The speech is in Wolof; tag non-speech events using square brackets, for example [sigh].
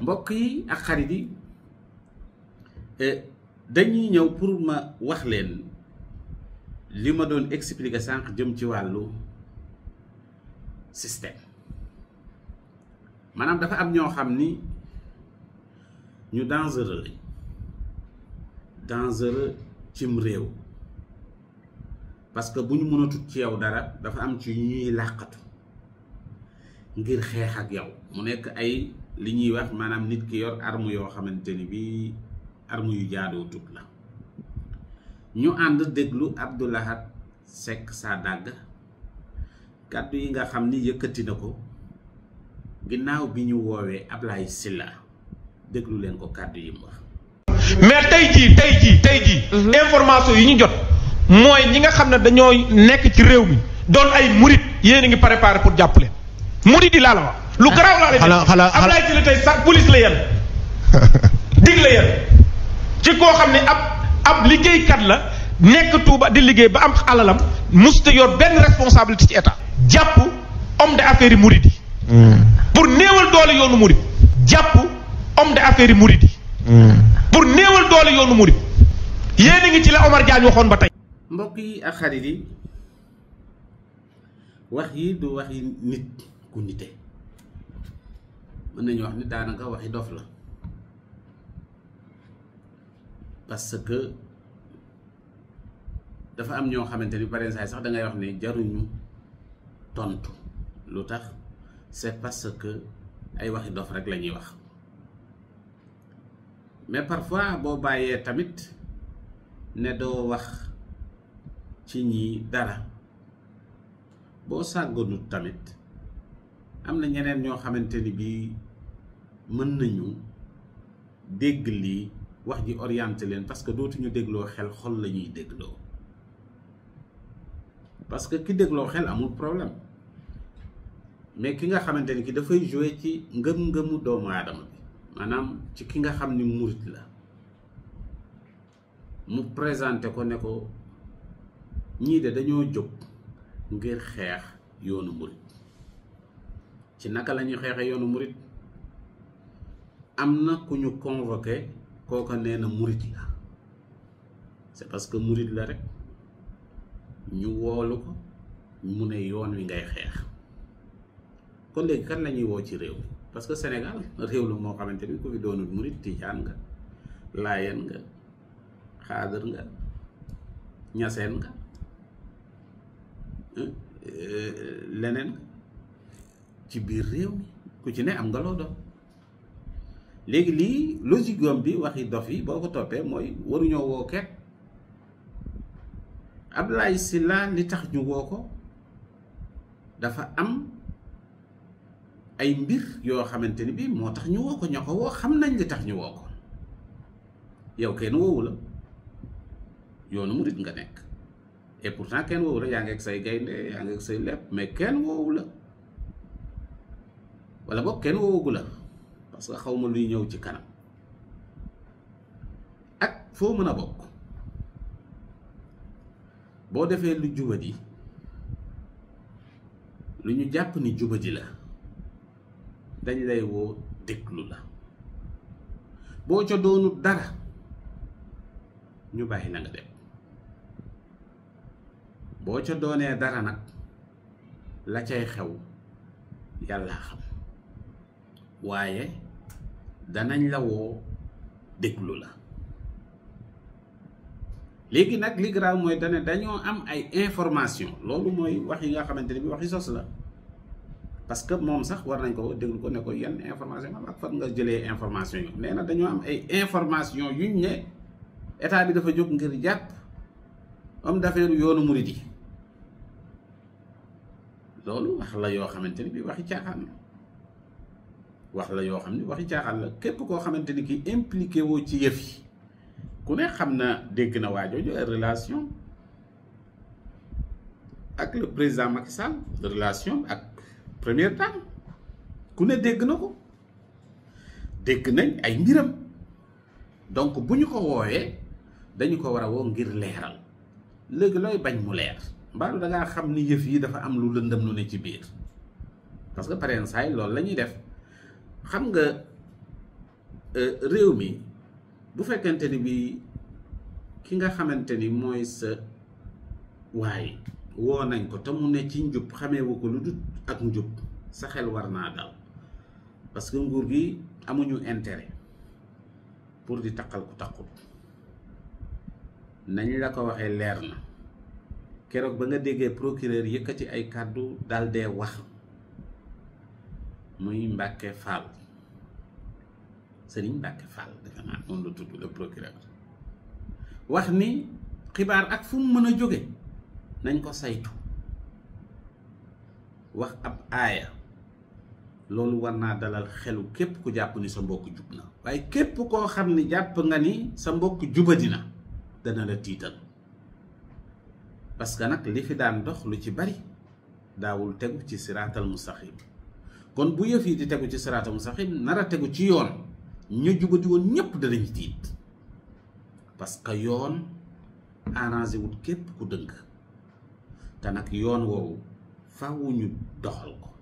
mbokk yi ak xarit yi eh, dañuy ñëw pour ma wax leen li ma doon expliquer sànq jëm ci wàllu système maanaam dafa am ñoo xam ni ñu dangereux lañ dangereux cim réew parce que bu ñu mënatut ci yow dara dafa am ci ñuy làqatu ngir xeex ak yow mu nekk ay li ñuy wax maanaam nit ki yor arme yoo xamante ni bii arme yu jaadoo tut la ñu ànd déglu Abdou Lahad Seck Sadaga kàddu yi nga xam ni yëkkati na ko ginnaaw bi ñu woowee Ablaye Sylla déglu leen ko kàddu yi mu mais tey jii tey jii tey jii mhm. information yi ñu jot mooy ñi nga xam ne dañoo nekk ci réew bi doon ay murit yéen a ngi préparé pour jàppale murit yi laa la lu garaaw laa lay def tey sax police la yem [laughs] dig la yem ci koo xam ne ab ab liggéeykat la nekk Touba di liggéey ba am alalam musta yor benn responsabilité ci état jàpp homme d'affaires yi murid yi hmm. pour néewal doole yoonu murid jàpp homme d'affaires yi murid hmm. pour néewal doole yoonu murid yéen ngi ci la Omar Diagne waxoon ba tey mbokk mën nañu wax ni daanaka waxi dof la parce que dafa am ñoo xamante ni pare saay sax da ngay wax ne jaruñu tontu lu tax c'est parce que ay waxi dof rek la ñuy wax mais parfois boo bàyyee tamit ne doo wax ci ñi dara boo sàgganut tamit am na ñeneen ñoo xamante ni mën nañu dégg lii wax ji orienté leen parce que dootuñu dégloo xel xol la ñuy dégloo parce que ki dégloo xel amul problème mais ki nga xamante ni ki dafay jouer ci ngëm-ngëmu doomu aadama bi maanaam ci ki nga xam ni murit la mu présenté ko ne ko ñii de dañoo jóg ngir xeex yoonu murit ci naka la ñuy xeexee yoonu murit am na ku ñu convoqué kooka nee na murit la c'est parce que murit la rek ñu woolu ko mu ne yoon wi ngay xeex kon léegi kan lañuy woo ci réew parce que Sénégal réew la moo xamante ni ku fi doonul murit tijaan nga laayeen nga xaadar nga ñaseen nga euh, leneen ci biir réew mi ku ci ne am nga loo doon léegi lii logique bi waxi dof yi boo ko toppee mooy waruñoo woo kenn Abdoulaye Sylla li tax ñu woo ko dafa am ay mbir yoo xamante ni bi moo tax ñu woo ko ñoo ko woo xam nañ li tax ñu woo ko yow kenn woowu la yoonu murit nga nekk et pourtant kenn woowu la yaa ngi ak say gaynde yaa ngi ak say lépp mais kenn woowu la walla boog kenn woowagu la. parce que xaw ma luy ñëw ci kanam ak foo mën a bokk boo defee lu jubadi lu ñu jàpp ni jubadi la dañ lay woo déglu la boo ca doonu dara ñu bàyyi na nga dem boo ca doonee dara nag la cay xew yàlla xam waaye danañ la woo déglu la léegi nag li grave mooy dane dañoo am ay information loolu mooy wax yi nga xamante ne bi wax waxi sos la parce que moom sax war nañ ko déglu ko ne ko yan information am ak fan nga jëlee information yi nee na dañoo am ay information yuñ ne état bi dafa jóg ngir jàpp homme d'affaires yoonu murid yi loolu wax la yoo xamante ni bi waxi caaxaan la wax la yoo xam ne waxi caaxaan la képp koo xamante ni ki impliqué woo ci yëf yi ku ne xam na dégg na waajooju ay relation ak le président Macky relation ak première dame ku ne dégg na ko dégg nañ ay mbiram donc bu ñu ko woowee dañu ko war a woo ngir leeral léegi looy bañ mu leer mbaalu da ngaa xam ni yëf yi dafa am lu lëndam lu ne ci biir parce que pareen saay loolu la ñuy def xam nga euh, réew mi bu fekkente ni bii ki nga xamante ni mooy sa waaye woo nañ ko te mu ne ci njub xameewu ko lu dut ak njub sa xel war naa dal parce que nguur gi amuñu intérêt pour di taqal ku taqul nañ la ko waxee leer na keroog ba nga déggee procureur yëkkati ay kàddu dal dee wax muy Mbàkke Fall Sëriñ Mbàkke Fall defe naa moom la tudd le procureur wax ni xibaar ak fu mu mën a jóge nañ ko saytu wax ab aaya loolu war naa dalal xelu képp ku jàpp ni sa mbokk jub na waaye képp koo xam ni jàpp nga ni sa mbokk jubadi na dana la tiital parce que nag li fi daan dox lu ci bari daawul tegu ci siraatal mustaqim kon bu yëf yi di tegu ci siraata mustaqiim nar a tegu ci yoon ñu jubati woon ñépp danañ tiit parce que yoon arrangé wut képp ku dëng te nag yoon woowu faaw ñu doxal ko